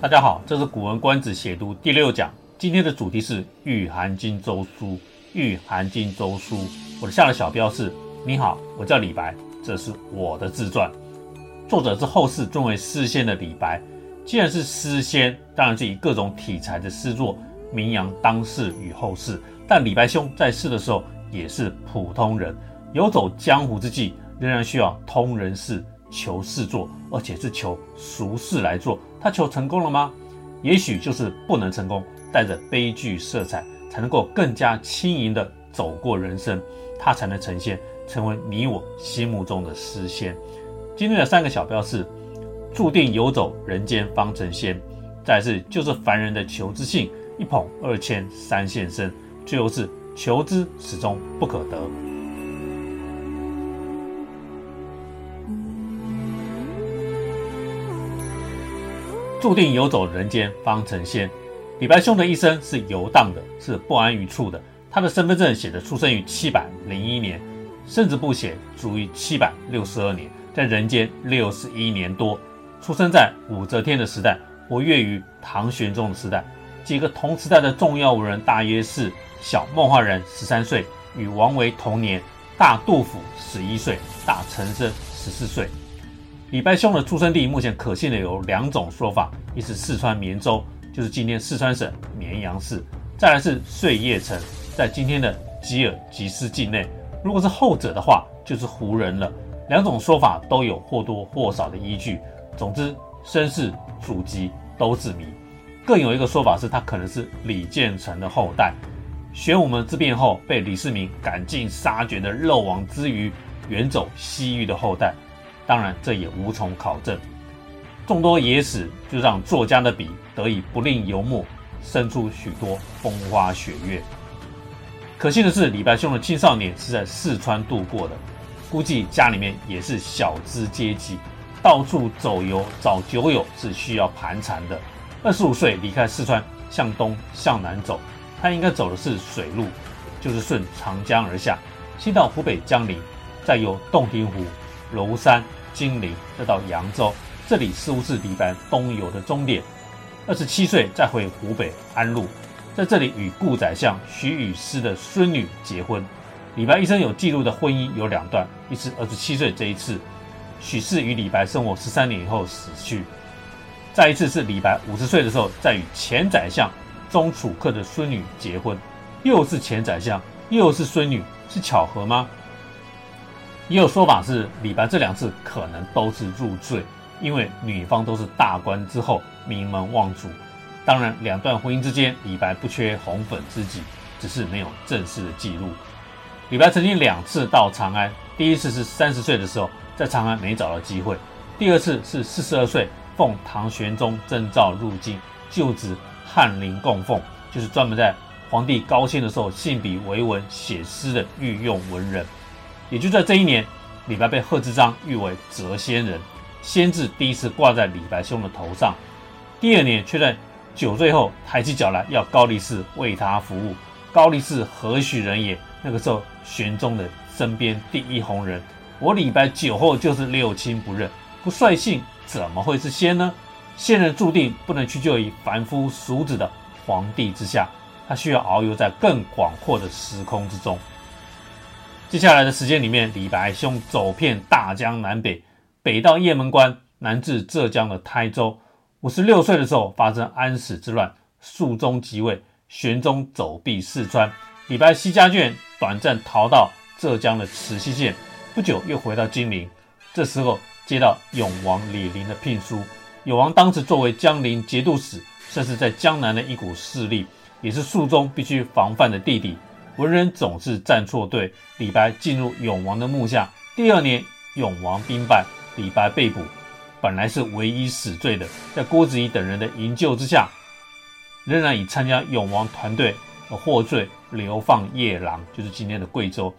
大家好，這是《古文觀止》寫讀第六講。今天的主題是《與韓荊州書》。《與韓荊州書》，我的下了的小標示。你好，我叫李白，這是我的自傳。作者是後世尊為詩仙的李白。既然是詩仙，當然是以各種體裁的詩作名揚當世與後世。但李白兄在世的時候也是普通人，遊走江湖之際，仍然需要通人事。求事做，而且是求俗事來做，他求成功了嗎？也許就是不能成功，帶着悲劇色彩，才能夠更加輕盈地走過人生，他才能成仙，成為你我心目中的詩仙。今天的三個小標是：注定遊走人間方成仙；再次就是凡人的求職信，一捧二謙三獻身；最後是求職始終不可得。注定遊走人間方成仙。李白兄的一生是遊蕩的，是不安於處的。他的身份證寫着出生於七百零一年，甚至不寫卒於七百六十二年，在人間六十一年多。出生在武則天的時代，活躍於唐玄宗的時代。幾個同時代的重要文人大約是：小孟浩然十三歲，與王維同年；大杜甫十一歲，大岑參十四歲。李白兄的出生地，目前可信的有兩種說法：一是四川綿州，就是今天四川省綿陽市；再來是碎葉城，在今天的吉爾吉斯境內。如果是後者的話，就是胡人了。兩種說法都有或多或少的依據。總之，身世、祖籍都是謎。更有一個說法是，他可能是李建成的後代，玄武門之變後被李世民趕盡殺絕的漏網之魚，遠走西域的後代。當然，這也無從考證。眾多野史就讓作家的筆得以不吝油墨，生出許多風花雪月。可信的是，李白兄的青少年是在四川度過的，估計家裡面也是小資階級。到處走遊找酒友是需要盤纏的。二十五歲離開四川，向東向南走，他應該走的是水路，就是順長江而下，先到湖北江陵，再由洞庭湖、婁山。金陵，再到揚州，這裡似乎是李白東遊的終點。二十七歲再回湖北安陸，在這裡與故宰相許圉師的孫女結婚。李白一生有記錄的婚姻有兩段，一次二十七歲這一次，許氏與李白生活十三年以後死去；再一次是李白五十歲的時候，再與前宰相宗楚客的孫女結婚，又是前宰相，又是孫女，是巧合嗎？也有說法是李白這兩次可能都是入贅，因為女方都是大官之後，名門望族。當然，兩段婚姻之間，李白不缺紅粉知己，只是沒有正式的記錄。李白曾經兩次到長安，第一次是三十歲的時候，在長安沒找到機會；第二次是四十二歲，奉唐玄宗徵召入京，就職翰林供奉，就是專門在皇帝高興的時候信筆為文寫詩的御用文人。也就在這一年，李白被賀知章譽為謫仙人，仙字第一次掛在李白兄的頭上。第二年，卻在酒醉後抬起腳來要高力士為他服務。高力士何許人也？那個時候，玄宗的身邊第一紅人。我李白酒後就是六親不認，不率性，怎麼會是仙呢？仙人注定不能屈就於凡夫俗子的皇帝之下，他需要遨遊在更廣闊的時空之中。接下來的時間裡面，李白兄走遍大江南北，北到雁門關，南至浙江的台州。五十六歲的時候，發生安史之亂，肅宗即位，玄宗走避四川，李白西家眷，短暫逃到浙江的慈溪縣，不久又回到金陵。這時候接到永王李璘的聘書，永王當時作為江陵節度使，算是在江南的一股勢力，也是肅宗必須防範的弟弟。文人總是站錯隊。李白進入永王的幕下，第二年永王兵敗，李白被捕，本來是唯一死罪的，在郭子儀等人的營救之下，仍然以參加永王團隊而獲罪，流放夜郎，就是今天的貴州。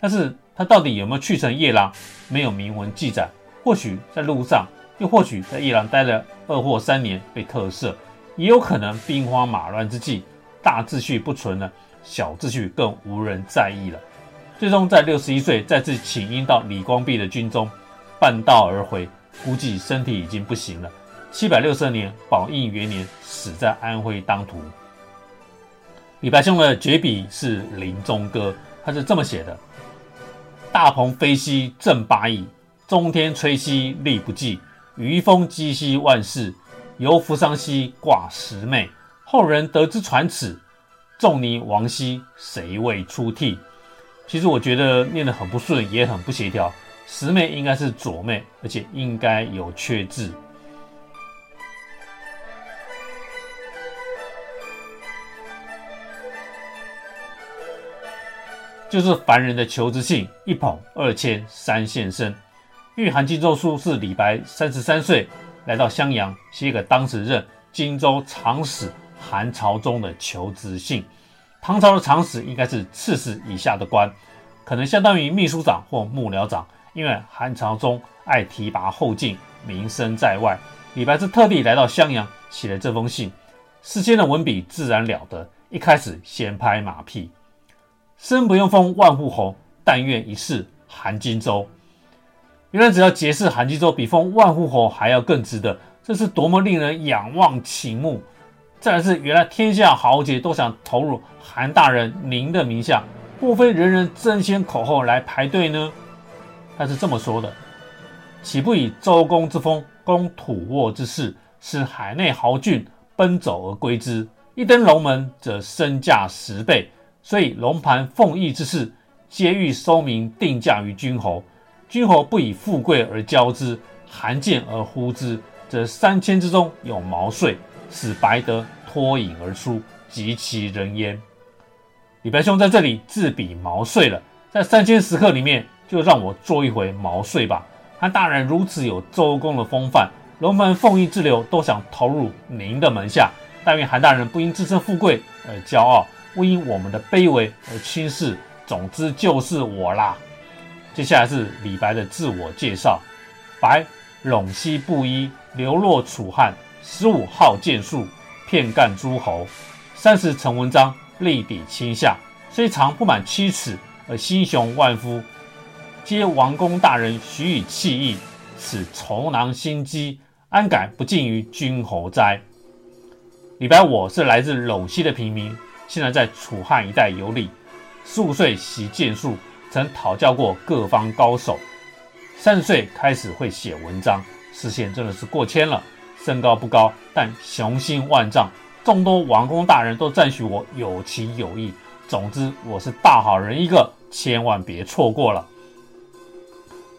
但是他到底有沒有去成夜郎？沒有明文記載，或許在路上，又或許在夜郎待了二或三年被特赦，也有可能兵荒馬亂之際，大秩序不存了。小秩序更無人在意了。最終在六十一歲再次請纓到李光弼的軍中，半道而回，估計身體已經不行了。七百六十年，寶應元年，死在安徽當塗。李白兄的絕筆是《林中歌》，他是這麼寫的：“大鵬飛兮正八翼，中天摧兮力不濟。魚風擊兮萬事，猶扶商兮掛石媚。」後人得知傳此。”仲尼亡兮誰為出涕？其實我覺得念得很不順，也很不協調。十妹應該是左妹，而且應該有缺字。就是凡人的求職信：一捧二謙三獻身。《與韓荊州書》是李白三十三歲來到襄陽，寫給當時任荊州長史。韓朝宗的求職信，唐朝的長史應該是刺史以下的官，可能相當於秘書長或幕僚長。因為韓朝宗愛提拔後進，名聲在外。李白是特地來到襄陽寫了這封信，詩仙的文筆自然了得。一開始先拍馬屁，生不用封萬戶侯，但願一識韓荊州。原來只要結識韓荊州，比封萬戶侯還要更值得。這是多麼令人仰望傾慕！自然是。原來天下豪傑都想投入韓大人您的名下，莫非人人爭先恐後來排隊呢？他是這麼說的：“豈不以周公之風，躬吐握之事，使海內豪俊奔走而歸之？一登龍門，則身價十倍。所以龍蟠鳳逸之士，皆欲收名定價於君侯。君侯不以富貴而驕之，寒賤而忽之，則三千之中有毛遂，使白得。”脫穎而出，即其人焉。李白兄在這裡自比毛遂了，在三千食客裡面，就讓我做一回毛遂吧。韓大人如此有周公的風範，龍門鳳翼之流都想投入您的門下。但願韓大人不因自身富貴而驕傲，不因我們的卑微而輕視。總之就是我啦。接下來是李白的自我介紹：白，隴西布衣，流落楚漢，十五好劍術。遍干諸侯，三十成文章，歷抵卿相，雖長不滿七尺，而心雄萬夫。皆王公大人許以氣義，此疇曩心跡，安敢不盡於君侯哉？李白，我是來自隴西的平民，現在在楚漢一帶遊歷。十五歲習劍術，曾討教過各方高手。三十歲開始會寫文章，詩仙真的是過謙了。身高不高，但雄心萬丈。眾多王公大人都讚許我有情有義。總之，我是大好人一個，千萬別錯過了。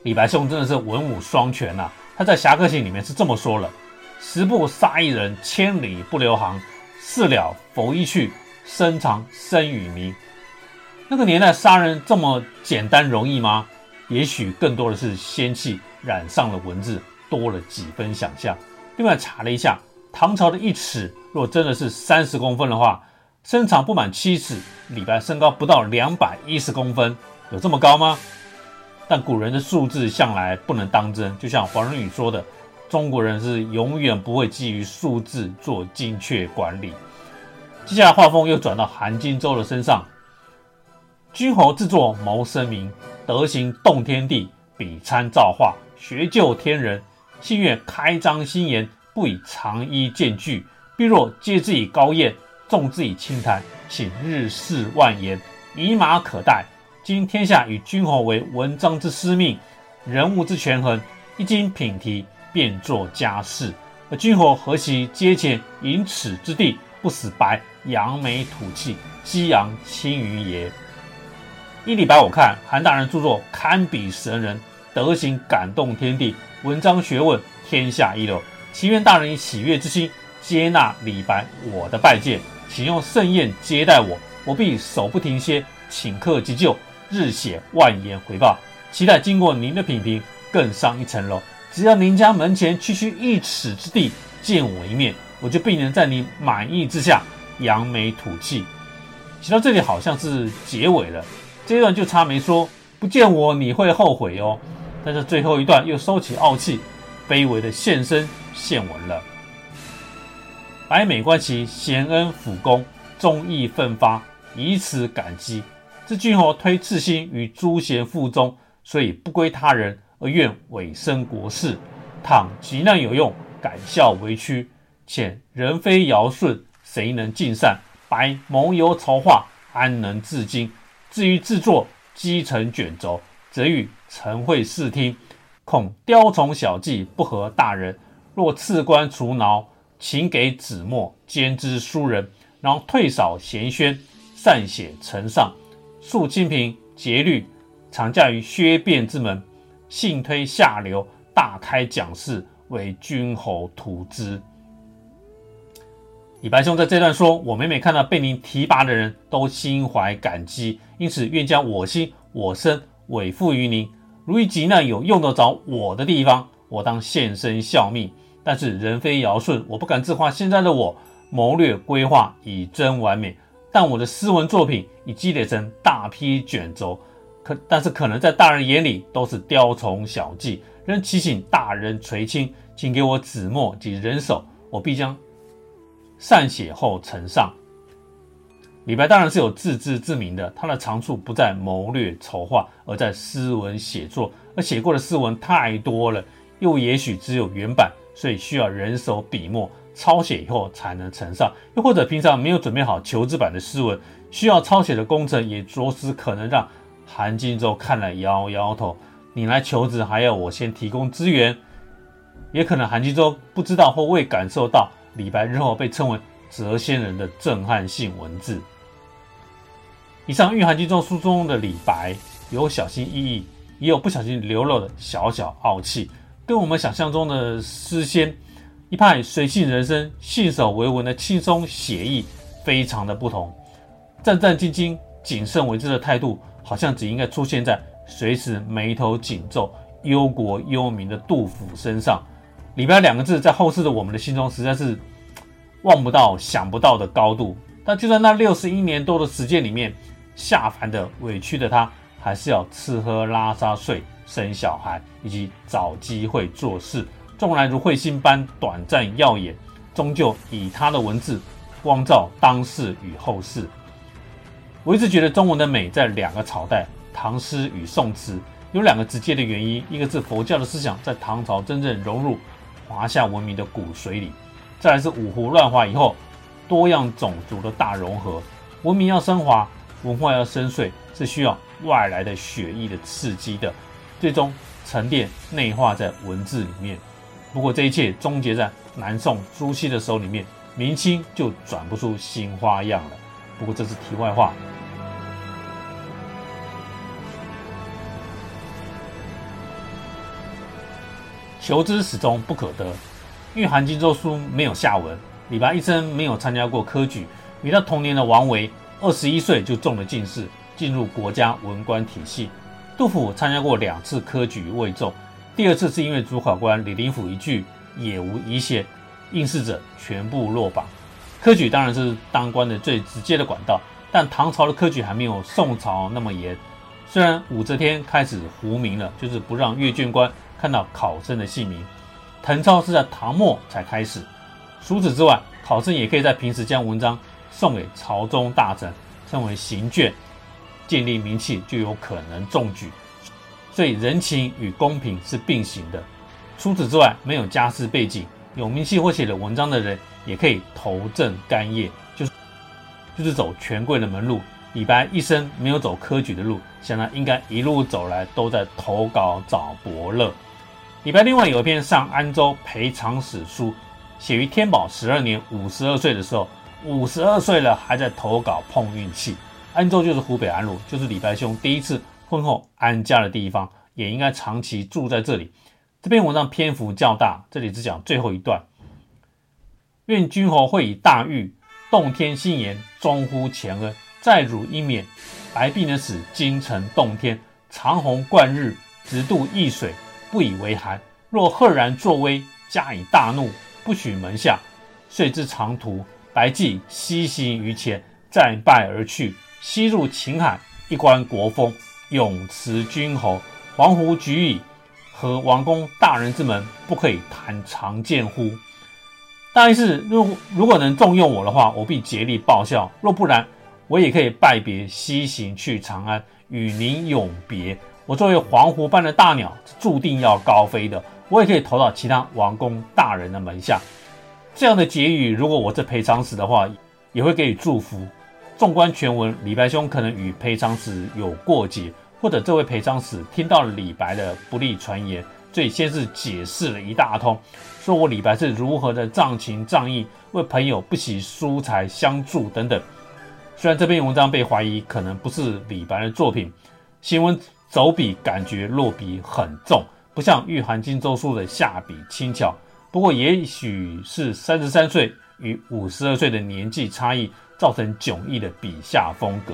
李白兄真的是文武雙全啊！他在《俠客行》裡面是這麼說了：“十步殺一人，千里不留行。事了拂衣去，深藏身與名。”那個年代殺人這麼簡單容易嗎？也許更多的是仙氣染上了文字，多了幾分想象。另外查了一下，唐朝的一尺若真的是三十公分的話，身長不滿七尺，李白身高不到兩百一十公分，有這麼高嗎？但古人的數字向來不能當真，就像黃仁宇說的，中國人是永遠不會基於數字做精確管理。接下來畫風又轉到韓荊州的身上，君侯制作侔神明，德行動天地，筆參造化，學究天人。幸願開張心顏，不以長揖見拒。必若借之以高宴，眾之以清談，請日試萬言，倚馬可待。今天下與君侯為文章之司命，人物之權衡，一經品題，便作佳士。而君侯何惜階前盈尺之地，不使白揚眉吐氣，激昂青雲也。依李白我看，韓大人著作堪比神人，德行感動天地，文章學問天下一流，祈願大人以喜悅之心接納李白我的拜見，請用盛宴接待我，我必手不停歇，頃刻即就，日寫萬言回報，期待經過您的品評，更上一層樓。只要您家門前區區一尺之地見我一面，我就必能在您滿意之下揚眉吐氣。寫到這裡好像是結尾了，這段就差沒說，不見我你會後悔哦。但是最後一段又收起傲氣，卑微的現身獻文了。白美觀其賢恩輔公，忠義奮發，以此感激。自君侯推赤心於諸賢腹中，所以不歸他人，而願委身國事。倘急難有用，敢效為屈。且人非堯舜，誰能盡善？白蒙有朝化，安能自矜？至於制作，積成卷軸。則欲塵穢視聽，恐雕蟲小技不合大人。若賜觀芻蕘，請給紙墨兼之書人，然後退掃閑軒，繕寫呈上。庶青萍結綠，長價於薛卞之門，幸推下流，大開獎飾，為君侯圖之。李白兄在這段說：“我每每看到被您提拔的人都心懷感激，因此願將我心我身。”委付於您，如遇急難，有用得着我的地方，我當現身效命。但是人非堯舜，我不敢自誇。現在的我，謀略規劃已臻完美，但我的詩文作品已積累成大批卷軸，可但是可能在大人眼裡都是雕蟲小技。仍提醒大人垂青，請給我紙墨及人手，我必將繕寫後呈上。李白當然是有自知之明的，他的長處不在謀略籌劃，而在詩文寫作。而寫過的詩文太多了，又也許只有原版，所以需要人手筆墨抄寫以後才能呈上。又或者平常沒有準備好求字版的詩文，需要抄寫的工程也着實可能讓韓荊州看了搖搖頭：“你來求字，還要我先提供資源？”也可能韓荊州不知道或未感受到李白日後被稱為謫仙人的震撼性文字。以上《與韓荊州書》中的李白，有小心翼翼，也有不小心流露的小小傲氣，跟我們想象中的詩仙一派隨性人生、信手為文的輕鬆寫意非常的不同。戰戰兢兢、謹慎為之的態度，好像只應該出現在隨時眉頭緊皺、憂國憂民的杜甫身上。李白兩個字，在後世的我們的心中，實在是望不到、想不到的高度。但就在那六十一年多的時間裡面，下凡的委屈的他，還是要吃喝拉撒睡、生小孩，以及找機會做事。縱然如彗星般短暫耀眼，終究以他的文字光照當世與後世。我一直覺得中文的美在兩個朝代——唐詩與宋詞，有兩個直接的原因：一個是佛教的思想在唐朝真正融入華夏文明的骨髓裡；再來是五胡亂華以後，多樣種族的大融合，文明要升華。文化要深邃，是需要外來的血液的刺激的，最終沉澱內化在文字裡面。不過這一切終結在南宋朱熹的手裡面，明清就轉不出新花樣了。不過這是題外話。求知始終不可得，《與韓荊州書》沒有下文。李白一生沒有參加過科舉，與他同年的王維。二十一歲就中了進士，進入國家文官體系。杜甫參加過兩次科舉未中，第二次是因為主考官李林甫一句“野無遺賢”，應試者全部落榜。科舉當然是當官的最直接的管道，但唐朝的科舉還沒有宋朝那麼嚴。雖然武則天開始糊名了，就是不讓閱卷官看到考生的姓名，謄抄是在唐末才開始。除此之外，考生也可以在平時將文章，送給朝中大臣，稱為行卷，建立名氣就有可能中舉。所以人情與公平是並行的。除此之外，沒有家世背景、有名氣或寫了文章的人，也可以投贈干謁，就是就是走權貴的門路。李白一生沒有走科舉的路，想來應該一路走來都在投稿找伯樂。李白另外有一篇《上安州裴長史書》，寫於天寶十二年，五十二歲的時候。五十二歲了，還在投稿碰運氣。安州就是湖北安陸，就是李白兄第一次婚後安家的地方，也應該長期住在這裡。這篇文章篇幅較大，這裡只講最後一段。願君侯惠以大遇，洞開心顏，終乎前恩，再辱英眄。白必能使精誠動天，長虹貫日，直渡易水，不以為寒。若赫然作威，加以大怒，不許門下，遂之長途。白季西行於前，再拜而去。西入秦海，一觀國風。永辭君侯，黃鵠舉矣。何王公大人之門，不可以彈長劍乎？但是：如如果能重用我的話，我必竭力報效；若不然，我也可以拜別西行，去長安與您永別。我作為黃鵠般的大鳥，是注定要高飛的。我也可以投到其他王公大人的門下。這樣的結語，如果我是裴長史的話，也會給予祝福。縱觀全文，李白兄可能與裴長史有過節，或者這位裴長史聽到了李白的不利傳言，所以先是解釋了一大通，說我李白是如何的仗情仗義，為朋友不惜疏財相助等等。雖然這篇文章被懷疑可能不是李白的作品，行文走筆感覺落筆很重，不像與韓荊州書的下筆輕巧。不過，也許是三十三歲與五十二歲的年紀差異，造成迥異的筆下風格。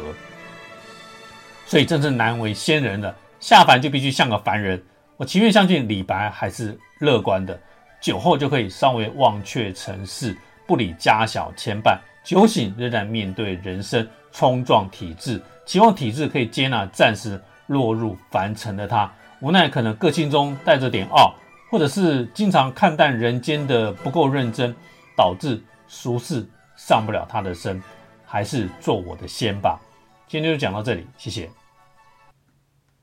所以真是難為仙人了，下凡就必須像個凡人。我情願相信李白還是樂觀的，酒後就可以稍微忘卻塵世，不理家小牽絆；酒醒仍然面對人生，衝撞體制，期望體制可以接納暫時落入凡塵的他。無奈，可能個性中帶着點傲。或者是經常看淡人間的不夠認真，導致俗事上不了他的身，還是做我的仙吧。今天就講到這裡，謝謝。